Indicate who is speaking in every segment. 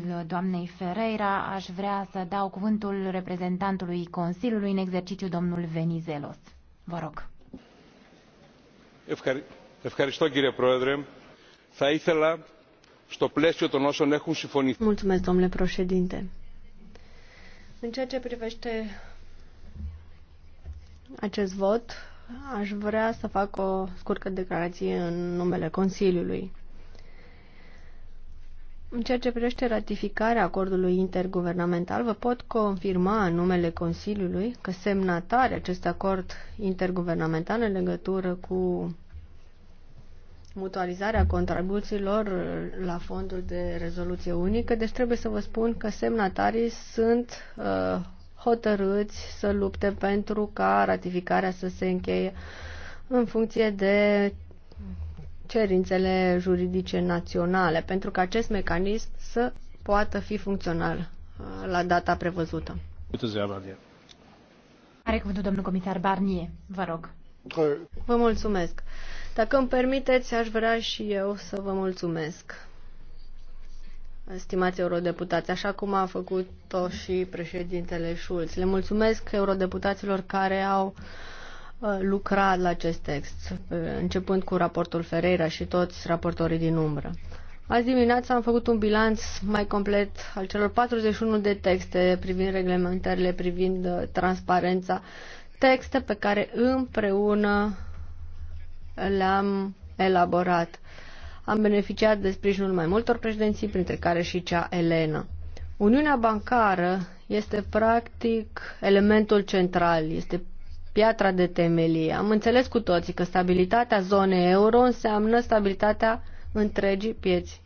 Speaker 1: cuvântul doamnei Ferreira, aș vrea să dau cuvântul reprezentantului Consiliului în exercițiu, domnul Venizelos. Vă rog.
Speaker 2: Mulțumesc, domnule președinte. În ceea ce privește acest vot, aș vrea să fac o scurtă declarație în numele Consiliului. În ceea ce privește ratificarea acordului interguvernamental, vă pot confirma în numele Consiliului că semnatarea acest acord interguvernamental în legătură cu mutualizarea contribuțiilor la fondul de rezoluție unică, deci trebuie să vă spun că semnatarii sunt uh, hotărâți să lupte pentru ca ratificarea să se încheie în funcție de cerințele juridice naționale pentru că acest mecanism să poată fi funcțional uh, la data prevăzută. Are cuvântul domnul comisar Barnier, vă rog. Vă mulțumesc. Dacă îmi permiteți, aș vrea și eu să vă mulțumesc, stimați eurodeputați, așa cum a făcut-o și președintele Schulz. Le mulțumesc eurodeputaților care au uh, Uh, lucra la acest text, uh, începând cu raportul Ferreira și toți raportorii din umbră. Azi dimineața am făcut un bilanț mai complet al celor 41 de texte privind reglementările, privind uh, transparența, texte pe care împreună le-am elaborat. Am beneficiat de sprijinul mai multor președinții, printre care și cea Elena. Uniunea bancară este practic elementul central, este piatra de temelie. Am înțeles cu toții că stabilitatea zonei euro înseamnă stabilitatea întregii pieți,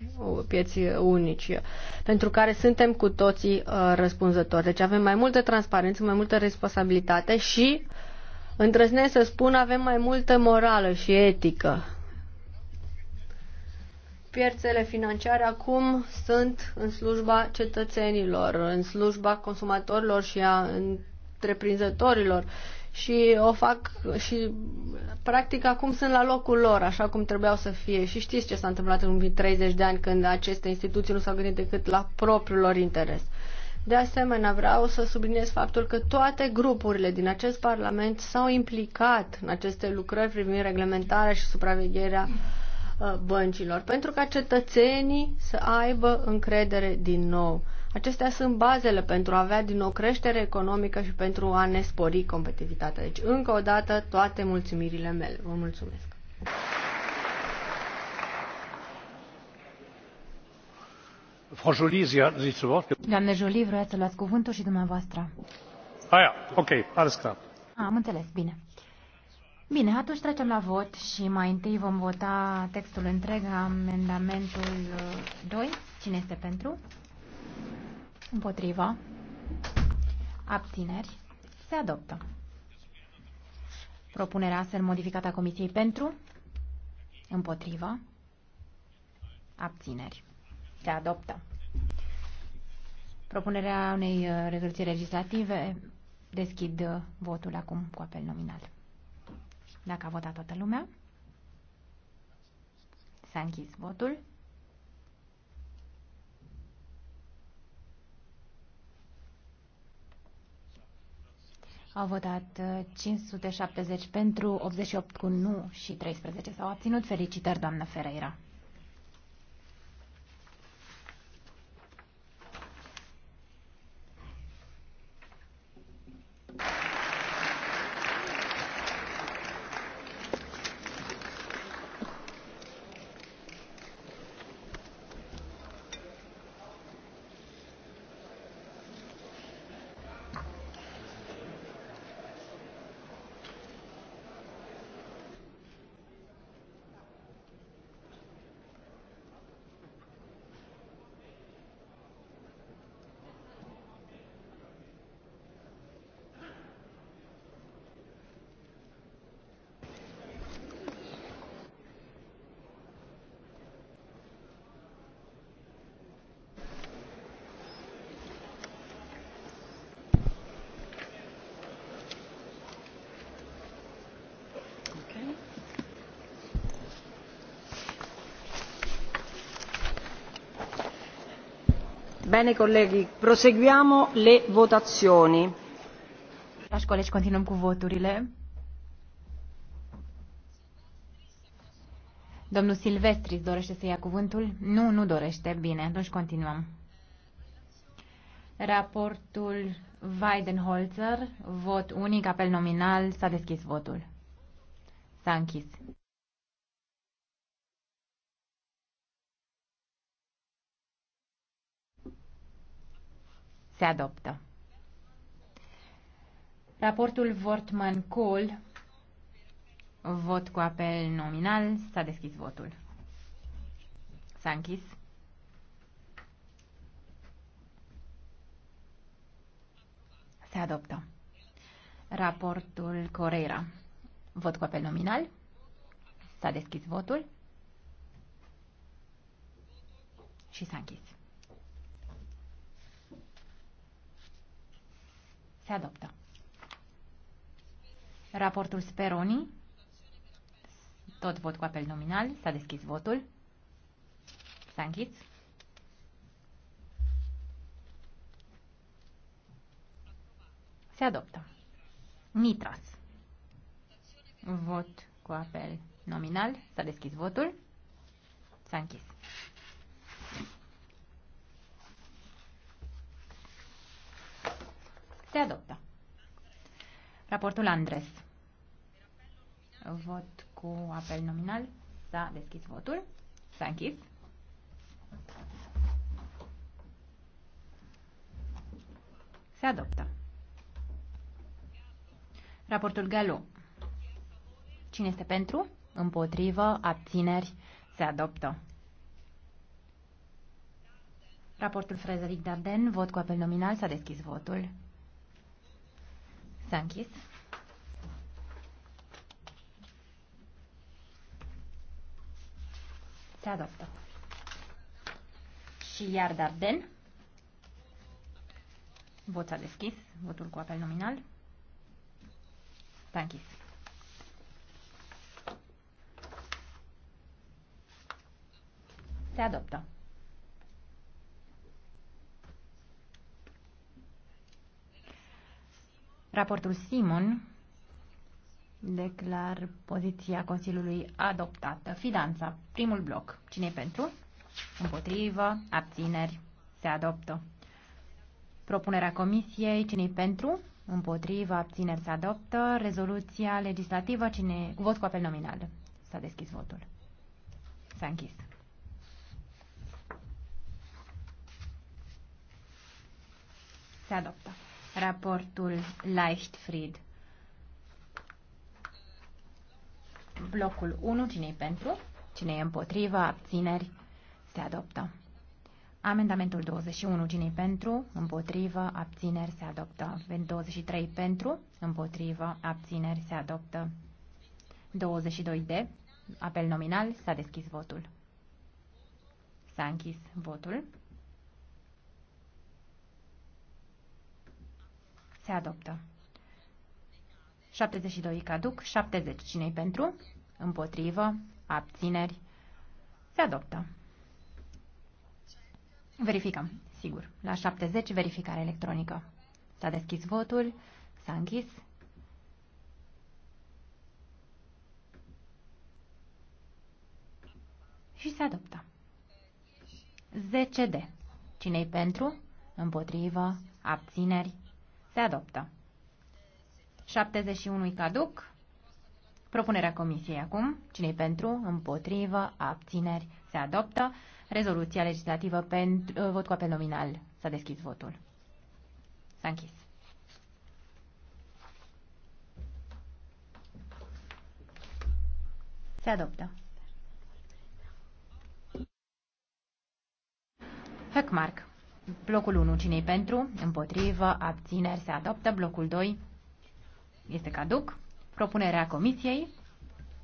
Speaker 2: pieți unici, pentru care suntem cu toții uh, răspunzători. Deci avem mai multă transparență, mai multă responsabilitate și, îndrăznesc să spun, avem mai multă morală și etică. Pierțele financiare acum sunt în slujba cetățenilor, în slujba consumatorilor și a întreprinzătorilor și o fac și practic acum sunt la locul lor, așa cum trebuiau să fie. Și știți ce s-a întâmplat în 30 de ani când aceste instituții nu s-au gândit decât la propriul lor interes. De asemenea, vreau să subliniez faptul că toate grupurile din acest Parlament s-au implicat în aceste lucrări privind reglementarea și supravegherea uh, băncilor, pentru ca cetățenii să aibă încredere din nou. Acestea sunt bazele pentru a avea din nou creștere economică și pentru a ne spori competitivitatea. Deci, încă o dată, toate mulțumirile mele. Vă mulțumesc!
Speaker 1: Doamne Jolie, vreau să luați cuvântul și dumneavoastră. Aia, ah ok, alles klar. Ah, am înțeles, bine. Bine, atunci trecem la vot și mai întâi vom vota textul întreg, amendamentul 2. Uh, Cine este pentru? Împotriva. Abțineri. Se adoptă. Propunerea astfel modificată a Comisiei pentru. Împotriva. Abțineri. Se adoptă. Propunerea unei uh, rezoluții legislative. Deschid uh, votul acum cu apel nominal. Dacă a votat toată lumea, s-a închis votul. Au votat 570 uh, pentru, 88 cu nu și 13 s-au abținut. Felicitări, doamnă Ferreira!
Speaker 2: Bine, colegi, proseguiamo le votazioni. Dragi colegi,
Speaker 1: continuăm cu voturile. Domnul Silvestris dorește să ia cuvântul? Nu, nu dorește. Bine, atunci continuăm. Raportul Weidenholzer, vot unic, apel nominal, s-a deschis votul. S-a închis. Se adoptă. Raportul Vortman Kohl, vot cu apel nominal, s-a deschis votul. S-a închis. Se adoptă. Raportul Corera, vot cu apel nominal, s-a deschis votul și s-a închis. Se adoptă. Raportul Speroni. Tot vot cu apel nominal. S-a deschis votul. S-a închis. Se adoptă. Nitras. Vot cu apel nominal. S-a deschis votul. S-a închis. Se adoptă. Raportul Andres. Vot cu apel nominal. S-a deschis votul. S-a închis. Se adoptă. Raportul Galo. Cine este pentru? Împotrivă? Abțineri? Se adoptă. Raportul Frederic Darden. Vot cu apel nominal. S-a deschis votul. S-a închis. Se adoptă. Și iar Darden. Vot s-a deschis. Votul cu apel nominal. S-a închis. Se adoptă. Raportul Simon declar poziția Consiliului adoptată. Fidanța, primul bloc. Cine-i pentru? Împotrivă, abțineri, se adoptă. Propunerea Comisiei, cine-i pentru? Împotrivă, abțineri, se adoptă. Rezoluția legislativă, cine... vot cu apel nominal. S-a deschis votul. S-a închis. Se adoptă raportul Leichtfried. Blocul 1, cine e pentru? Cine e împotriva? Abțineri? Se adoptă. Amendamentul 21, cine pentru? Împotrivă, abțineri, se adoptă. 23 pentru, împotrivă, abțineri, se adoptă. 22 de, apel nominal, s-a deschis votul. S-a închis votul. Se adoptă. 72 caduc, 70 cinei pentru, împotrivă, abțineri, se adoptă. Verificăm, sigur. La 70, verificare electronică. S-a deschis votul, s-a închis. Și se adoptă. 10D. Cine-i pentru? Împotrivă, abțineri, se adoptă. 71 caduc. Propunerea comisiei acum. cine pentru? Împotrivă. Abțineri. Se adoptă. Rezoluția legislativă pentru vot cu apel nominal. S-a deschis votul. S-a închis. Se adoptă. Heckmark. Blocul 1, cine pentru? Împotrivă, abțineri, se adoptă. Blocul 2 este caduc. Propunerea comisiei,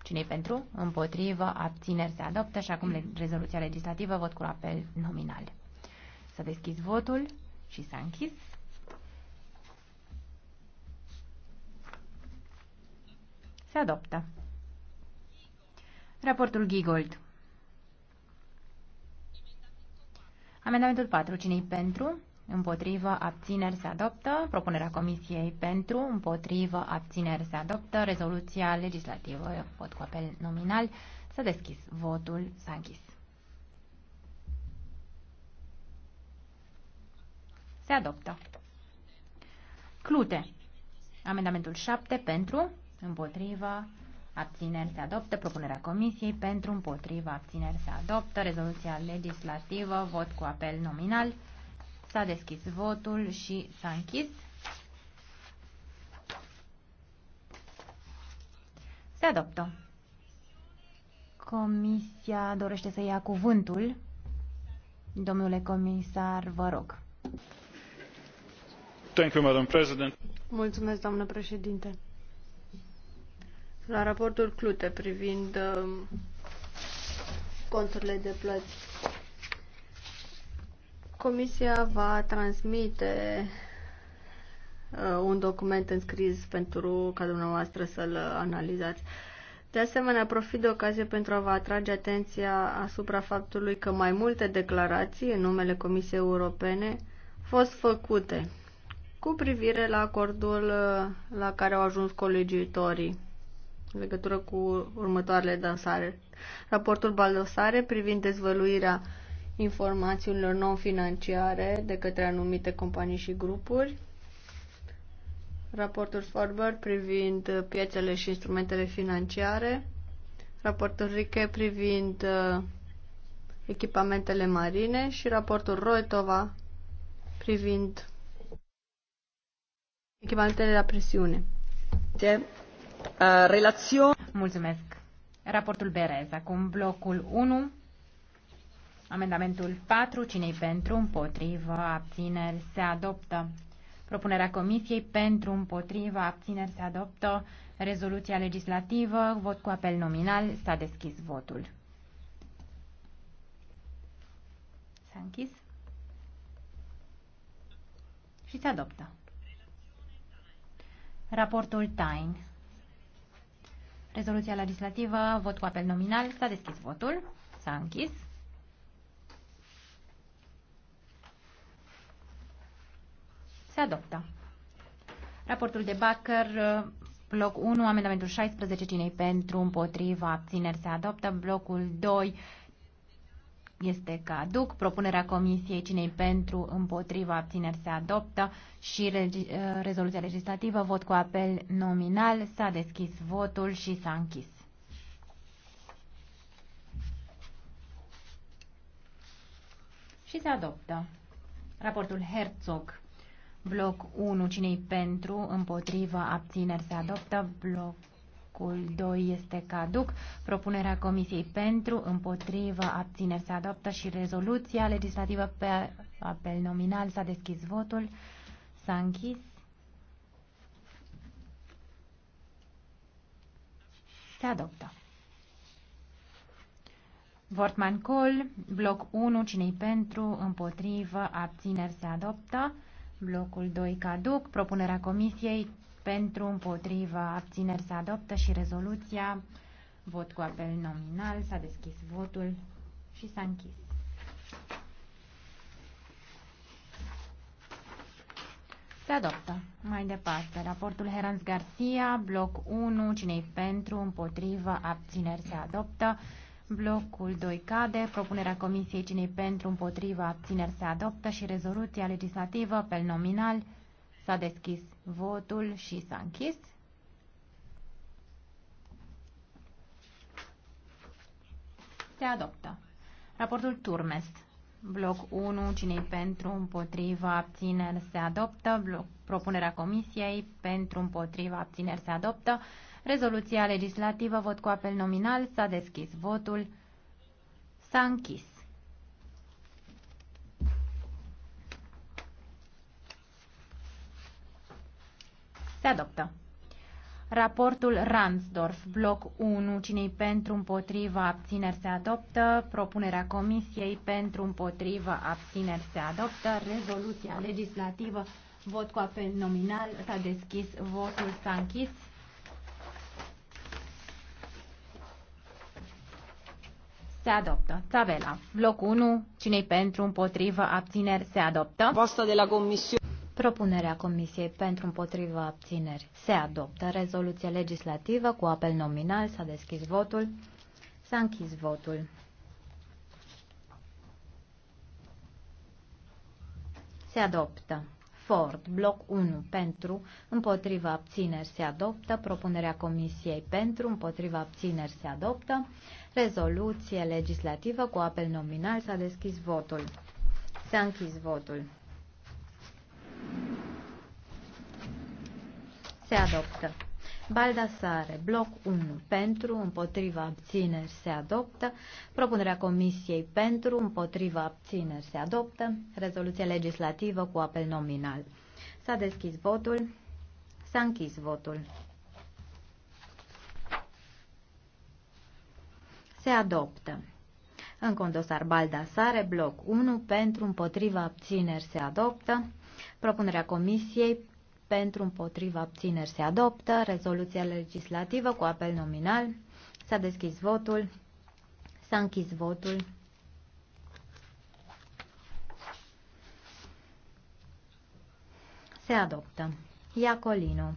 Speaker 1: cine pentru? Împotrivă, abțineri, se adoptă. Și acum rezoluția legislativă, vot cu apel nominal. Să deschis votul și s-a închis. Se adoptă. Raportul Gigold. Amendamentul 4. cine pentru? Împotrivă, abțineri se adoptă. Propunerea Comisiei pentru, împotrivă, abțineri se adoptă. Rezoluția legislativă, vot cu apel nominal, s-a deschis. Votul s-a închis. Se adoptă. Clute. Amendamentul 7 pentru, împotrivă, abțineri se adoptă, propunerea Comisiei pentru împotriva abțineri se adoptă, rezoluția legislativă, vot cu apel nominal, s-a deschis votul și s-a închis. Se adoptă. Comisia dorește să ia cuvântul. Domnule comisar, vă
Speaker 3: rog. Thank you, Madam President.
Speaker 1: Mulțumesc, doamnă președinte
Speaker 2: la raportul Clute privind um, conturile de plăți. Comisia va transmite uh, un document înscris pentru ca dumneavoastră să-l analizați. De asemenea, profit de ocazie pentru a vă atrage atenția asupra faptului că mai multe declarații în numele Comisiei Europene au fost făcute cu privire la acordul uh, la care au ajuns colegiuitorii în legătură cu următoarele dansare. Raportul Baldosare privind dezvăluirea informațiilor non-financiare de către anumite companii și grupuri. Raportul Forber privind piețele și instrumentele financiare. Raportul Riche privind uh, echipamentele marine și raportul Roetova privind echipamentele la presiune.
Speaker 1: De Uh, relațion... Mulțumesc. Raportul Berez. Acum blocul 1. Amendamentul 4. Cine-i pentru? Împotrivă. Abțineri. Se adoptă. Propunerea Comisiei pentru împotrivă abțineri se adoptă. Rezoluția legislativă, vot cu apel nominal, s-a deschis votul. S-a închis și se adoptă. Raportul Tain. Rezoluția legislativă, vot cu apel nominal, s-a deschis votul, s-a închis. Se adoptă. Raportul de Bacăr, bloc 1, amendamentul 16, cine pentru, împotriva, abțineri, se adoptă. Blocul 2, este caduc. Propunerea Comisiei Cinei pentru, împotriva, abțineri se adoptă și regi, uh, rezoluția legislativă, vot cu apel nominal, s-a deschis votul și s-a închis. Și se adoptă. Raportul Herzog, bloc 1, cinei pentru, împotriva, abțineri se adoptă, bloc blocul 2 este caduc. Propunerea Comisiei pentru, împotrivă, abțineri se adoptă și rezoluția legislativă pe apel nominal s-a deschis votul, s-a închis. Se adoptă. Vortman Col, bloc 1, cine pentru, împotrivă, abțineri se adoptă. Blocul 2 caduc, propunerea comisiei pentru, împotrivă, abțineri se adoptă și rezoluția, vot cu apel nominal, s-a deschis votul și s-a închis. Se adoptă. Mai departe, raportul Herans Garcia, bloc 1, cine pentru, împotrivă, abțineri se adoptă. Blocul 2 cade, propunerea Comisiei cine pentru, împotrivă, abțineri se adoptă și rezoluția legislativă, pe nominal, s-a deschis votul și s-a închis. Se adoptă. Raportul Turmes. Bloc 1, cine pentru, împotriva, abțineri, se adoptă. Bloc, propunerea comisiei, pentru, împotriva, abțineri, se adoptă. Rezoluția legislativă, vot cu apel nominal, s-a deschis votul, s-a închis. Se adoptă. Raportul Ransdorf, bloc 1, cinei pentru împotriva abțineri se adoptă, propunerea Comisiei pentru împotriva abțineri se adoptă, rezoluția legislativă, vot cu apel nominal, s-a deschis, votul s-a închis. Se adoptă. Tabela. Bloc 1. Cinei pentru, împotrivă, abțineri, se adoptă.
Speaker 3: Posta de la comisie. Propunerea Comisiei pentru împotriva abțineri se adoptă. Rezoluție legislativă cu apel nominal. S-a deschis votul. S-a închis votul. Se adoptă. Ford, bloc 1, pentru, împotriva abțineri se adoptă, propunerea Comisiei pentru, împotriva abțineri se adoptă, rezoluție legislativă cu apel nominal s-a deschis votul. S-a închis votul. se adoptă. Baldasare, bloc 1, pentru, împotriva, abțineri, se adoptă. Propunerea Comisiei pentru, împotriva, abțineri, se adoptă. Rezoluție legislativă cu apel nominal. S-a deschis votul. S-a închis votul. Se adoptă. În condosar Baldasare, bloc 1, pentru, împotriva, abțineri, se adoptă. Propunerea Comisiei pentru împotriva abțineri se adoptă. Rezoluția legislativă cu apel nominal. S-a deschis votul. S-a închis votul. Se adoptă. Iacolino.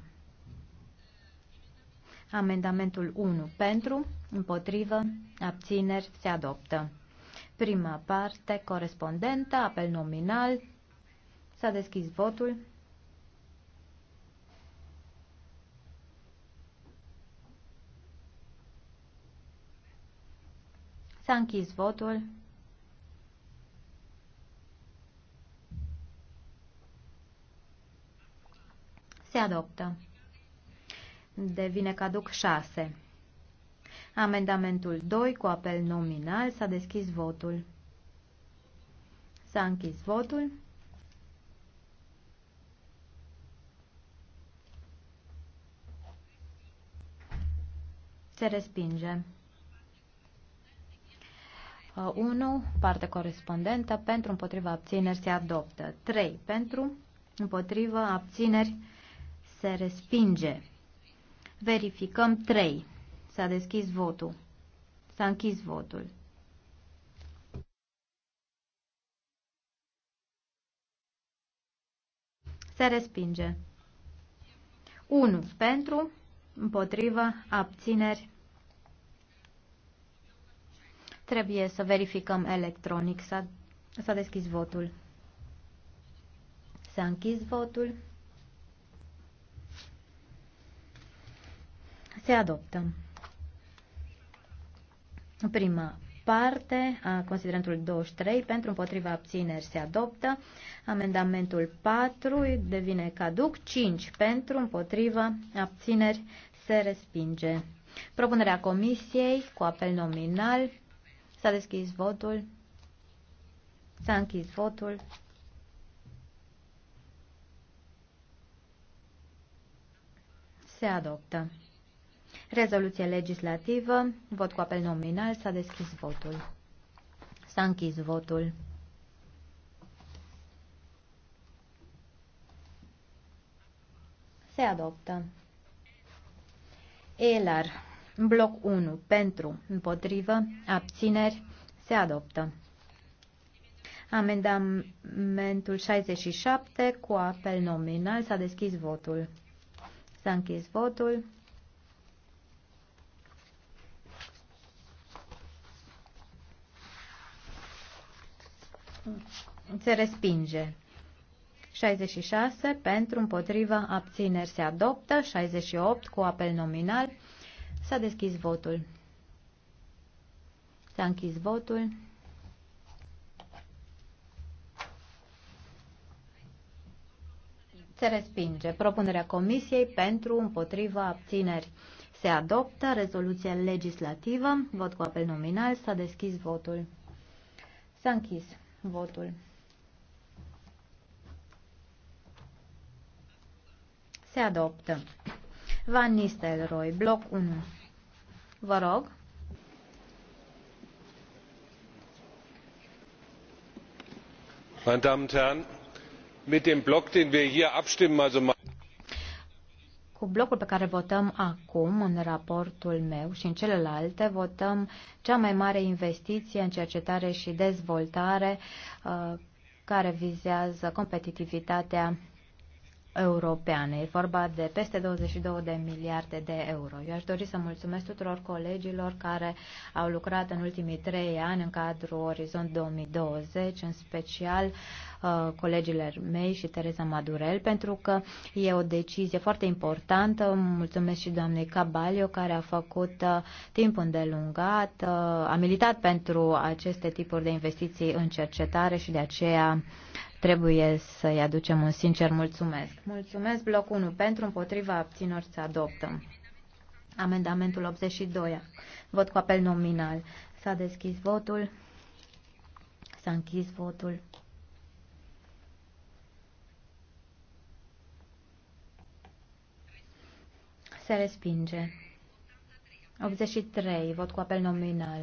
Speaker 3: Amendamentul 1 pentru, împotrivă, abțineri, se adoptă. Prima parte corespondentă, apel nominal. S-a deschis votul. S-a închis votul. Se adoptă. Devine caduc 6. Amendamentul 2 cu apel nominal s-a deschis votul. S-a închis votul. Se respinge. 1, uh, parte corespondentă, pentru împotriva abțineri se adoptă. 3, pentru împotriva abțineri se respinge. Verificăm 3. S-a deschis votul. S-a închis votul. Se respinge. 1. Pentru, împotrivă, abțineri, Trebuie să verificăm electronic. S-a deschis votul. S-a închis votul. Se adoptă. Prima parte a considerentului 23 pentru împotriva abțineri se adoptă. Amendamentul 4 devine caduc. 5 pentru împotriva abțineri se respinge. Propunerea comisiei cu apel nominal S-a deschis votul. S-a închis votul. Se adoptă. Rezoluție legislativă. Vot cu apel nominal. S-a deschis votul. S-a închis votul. Se adoptă. Elar. În bloc 1, pentru, împotrivă, abțineri, se adoptă. Amendamentul 67 cu apel nominal s-a deschis votul. S-a închis votul. Se respinge. 66 pentru împotriva abțineri se adoptă, 68 cu apel nominal S-a deschis votul. S-a închis votul. Se respinge propunerea Comisiei pentru împotriva abțineri. Se adoptă rezoluția legislativă. Vot cu apel nominal. S-a deschis votul. S-a închis votul. Se adoptă. Van Nistelrooy, bloc 1. Vă rog.
Speaker 2: Meine Damen und Herren, mit dem Block, den wir hier abstimmen, also
Speaker 3: cu blocul pe care votăm acum în raportul meu și în celelalte votăm cea mai mare investiție în cercetare și dezvoltare uh, care vizează competitivitatea europeane. E vorba de peste 22 de miliarde de euro. Eu aș dori să mulțumesc tuturor colegilor care au lucrat în ultimii trei ani în cadrul Orizont 2020, în special uh, Uh, colegilor mei și Teresa Madurel, pentru că e o decizie foarte importantă. Mulțumesc și doamnei Cabalio, care a făcut uh, timp îndelungat, uh, a militat pentru aceste tipuri de investiții în cercetare și de aceea trebuie să-i aducem un sincer mulțumesc. Mulțumesc, bloc 1, pentru împotriva abținori să adoptăm. Amendamentul 82. Vot cu apel nominal. S-a deschis votul. S-a închis votul. Se respinge. 83. Vot cu apel nominal.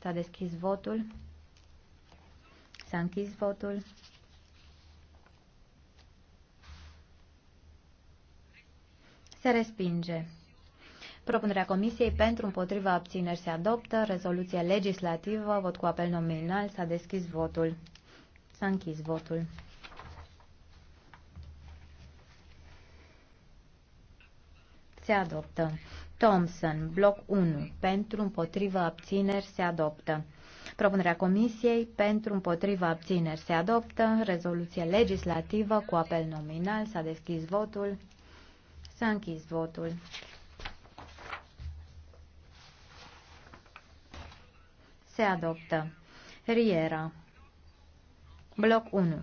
Speaker 3: S-a deschis votul. S-a închis votul. Se respinge. Propunerea Comisiei pentru împotriva abțineri se adoptă. Rezoluția legislativă. Vot cu apel nominal. S-a deschis votul. S-a închis votul. se adoptă. Thompson, bloc 1, pentru, împotriva abțineri, se adoptă. Propunerea Comisiei pentru împotriva abțineri se adoptă. Rezoluție legislativă cu apel nominal. S-a deschis votul. S-a închis votul. Se adoptă. Riera. Bloc 1.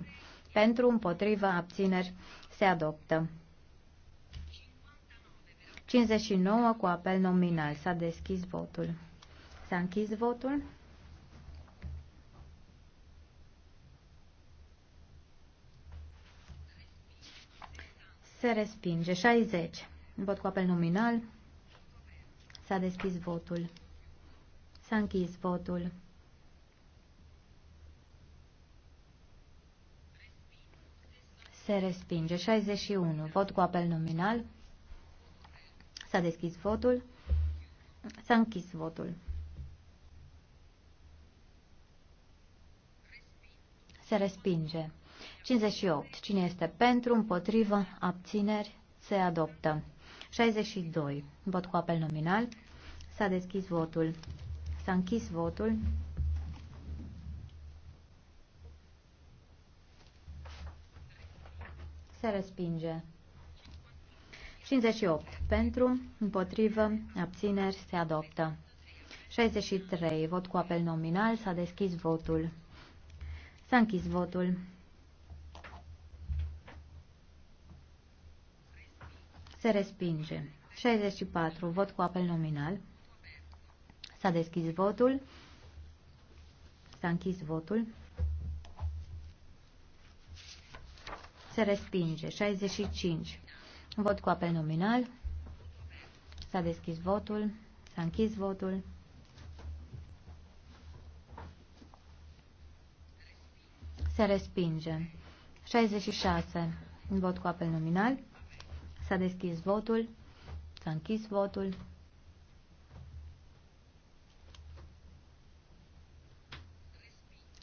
Speaker 3: Pentru împotriva abțineri se adoptă. 59 cu apel nominal. S-a deschis votul. S-a închis votul. Se respinge. 60. Vot cu apel nominal. S-a deschis votul. S-a închis votul. Se respinge. 61. Vot cu apel nominal. S-a deschis votul. S-a închis votul. Se respinge. 58. Cine este pentru, împotrivă, abțineri, se adoptă. 62. Vot cu apel nominal. S-a deschis votul. S-a închis votul. Se respinge. 58. Pentru, împotrivă, abțineri, se adoptă. 63. Vot cu apel nominal. S-a deschis votul. S-a închis votul. Se respinge. 64. Vot cu apel nominal. S-a deschis votul. S-a închis votul. Se respinge. 65. Vot cu apel nominal. S-a deschis votul. S-a închis votul. Se respinge. 66. Vot cu apel nominal. S-a deschis votul. S-a închis votul.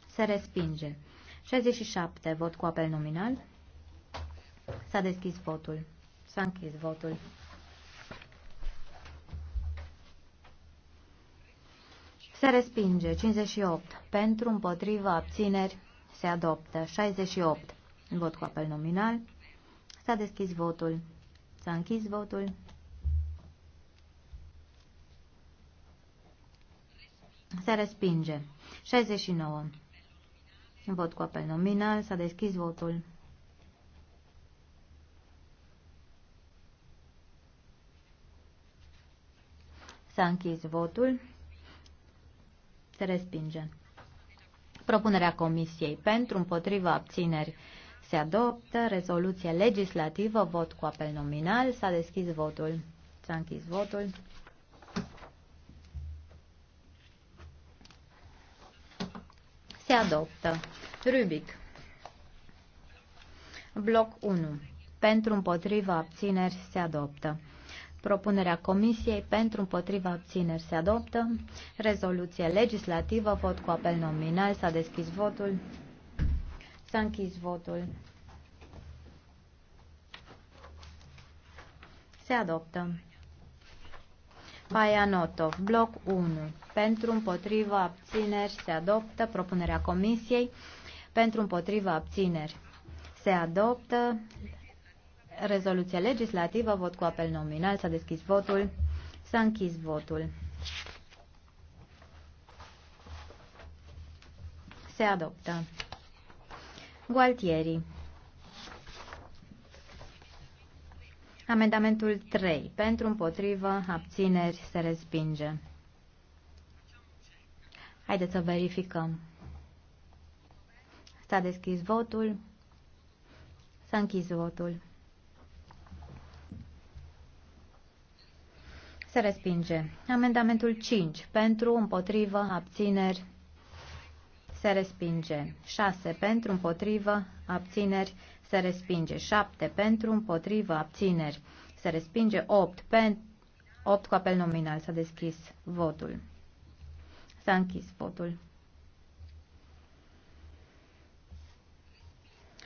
Speaker 3: Se respinge. 67. Vot cu apel nominal. S-a deschis votul. S-a închis votul. Se respinge 58. Pentru, împotriva, abțineri, se adoptă 68. Vot cu apel nominal. S-a deschis votul. S-a închis votul. Se respinge 69. Vot cu apel nominal. S-a deschis votul. S-a închis votul. Se respinge. Propunerea Comisiei pentru împotriva abțineri se adoptă. Rezoluție legislativă, vot cu apel nominal. S-a deschis votul. S-a închis votul. Se adoptă. Rubic. Bloc 1. Pentru împotriva abțineri se adoptă. Propunerea Comisiei pentru împotriva abțineri se adoptă. Rezoluție legislativă, vot cu apel nominal. S-a deschis votul. S-a închis votul. Se adoptă. Notov, bloc 1. Pentru împotriva abțineri se adoptă propunerea Comisiei. Pentru împotriva abțineri se adoptă Rezoluția legislativă, vot cu apel nominal, s-a deschis votul, s-a închis votul. Se adoptă. Gualtieri. Amendamentul 3. Pentru împotrivă, abțineri, se respinge. Haideți să verificăm. S-a deschis votul. S-a închis votul. Se respinge. Amendamentul 5. Pentru, împotrivă, abțineri. Se respinge. 6. Pentru, împotrivă, abțineri. Se respinge. 7. Pentru, împotrivă, abțineri. Se respinge. 8. Pentru, 8 cu apel nominal. S-a deschis votul. S-a închis votul.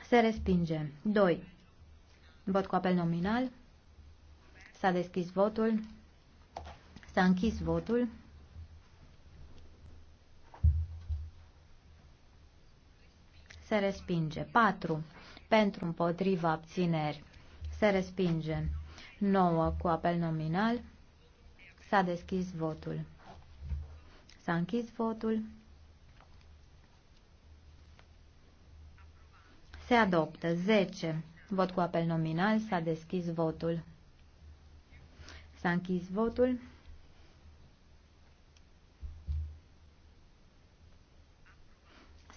Speaker 3: Se respinge. 2. Vot cu apel nominal. S-a deschis votul. S-a închis votul. Se respinge. 4. Pentru împotriva abțineri. Se respinge. 9. Cu apel nominal. S-a deschis votul. S-a închis votul. Se adoptă. 10. Vot cu apel nominal. S-a deschis votul. S-a închis votul.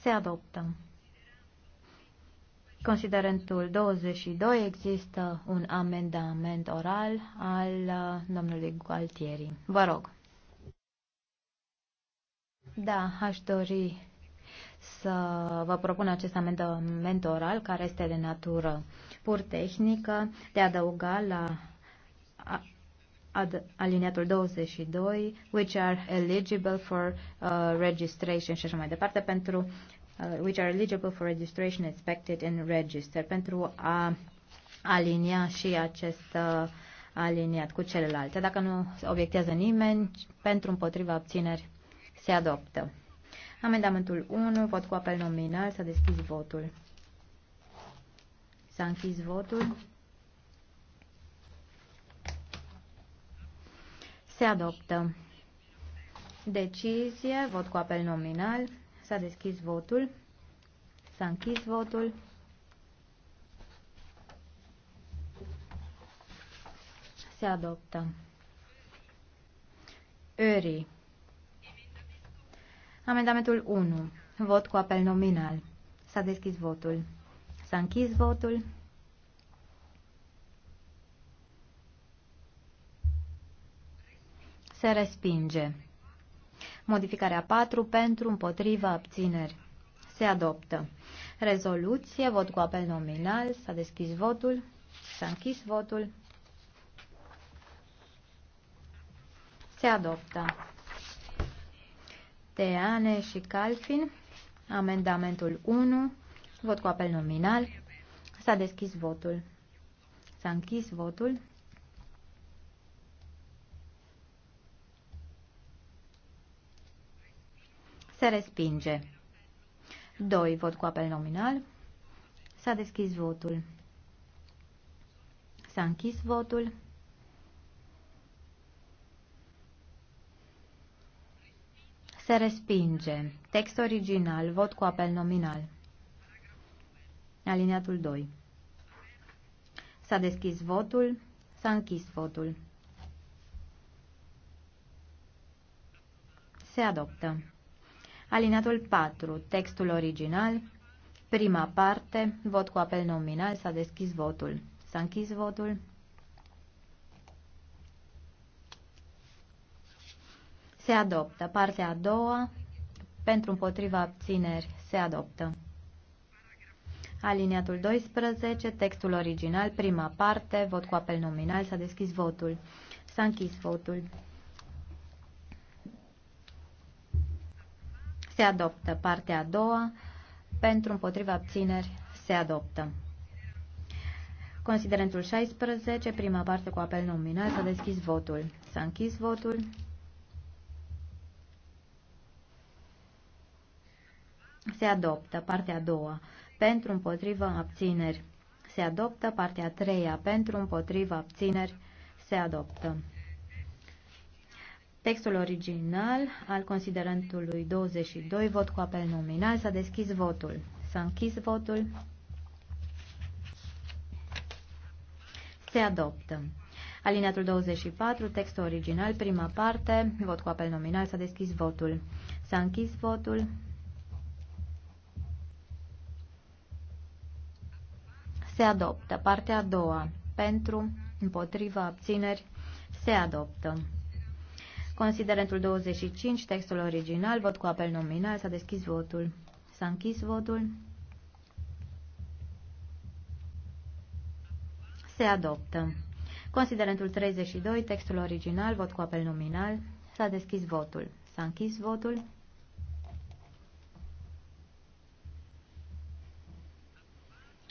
Speaker 3: se adoptă. Considerentul 22 există un amendament oral al uh, domnului Gualtieri. Vă rog. Da, aș dori să vă propun acest amendament oral care este de natură pur tehnică de adăuga la ad, aliniatul 22, which are eligible for uh, registration și așa mai departe, pentru uh, which are eligible for registration expected in register, pentru a alinia și acest uh, aliniat cu celelalte. Dacă nu obiectează nimeni, pentru împotriva abțineri se adoptă. Amendamentul 1, vot cu apel nominal, s-a deschis votul. S-a închis votul. Se adoptă. Decizie, vot cu apel nominal. S-a deschis votul. S-a închis votul. Se adoptă. Eri. Amendamentul 1. Vot cu apel nominal. S-a deschis votul. S-a închis votul. se respinge. Modificarea 4 pentru, împotriva, abțineri se adoptă. Rezoluție, vot cu apel nominal, s-a deschis votul, s-a închis votul, se adoptă. Teane și Calfin, amendamentul 1, vot cu apel nominal, s-a deschis votul, s-a închis votul. Se respinge. 2. Vot cu apel nominal. S-a deschis votul. S-a închis votul. Se respinge. Text original. Vot cu apel nominal. Aliniatul 2. S-a deschis votul. S-a închis votul. Se adoptă. Alinatul 4, textul original, prima parte, vot cu apel nominal, s-a deschis votul. S-a închis votul. Se adoptă. Partea a doua, pentru împotriva abțineri, se adoptă. Aliniatul 12, textul original, prima parte, vot cu apel nominal, s-a deschis votul. S-a închis votul. se adoptă. Partea a doua, pentru împotriva abțineri, se adoptă. Considerentul 16, prima parte cu apel nominal, s-a deschis votul. S-a închis votul. Se adoptă partea a doua pentru împotrivă abțineri. Se adoptă partea a treia pentru împotrivă abțineri. Se adoptă. Textul original al considerentului 22, vot cu apel nominal, s-a deschis votul. S-a închis votul. Se adoptă. Alineatul 24, textul original, prima parte, vot cu apel nominal, s-a deschis votul. S-a închis votul. Se adoptă. Partea a doua, pentru, împotriva, abțineri, se adoptă. Considerentul 25, textul original, vot cu apel nominal, s-a deschis votul. S-a închis votul. Se adoptă. Considerentul 32, textul original, vot cu apel nominal, s-a deschis votul. S-a închis votul.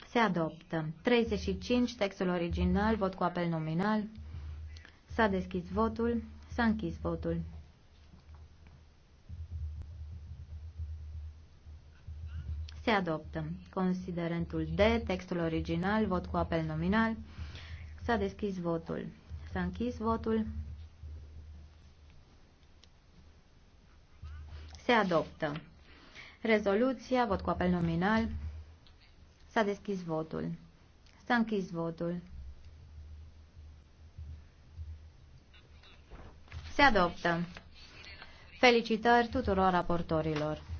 Speaker 3: Se adoptă. 35, textul original, vot cu apel nominal, s-a deschis votul. S-a închis votul. Se adoptă. Considerentul D, textul original, vot cu apel nominal. S-a deschis votul. S-a închis votul. Se adoptă. Rezoluția, vot cu apel nominal. S-a deschis votul. S-a închis votul. Se adoptă. Felicitări tuturor raportorilor.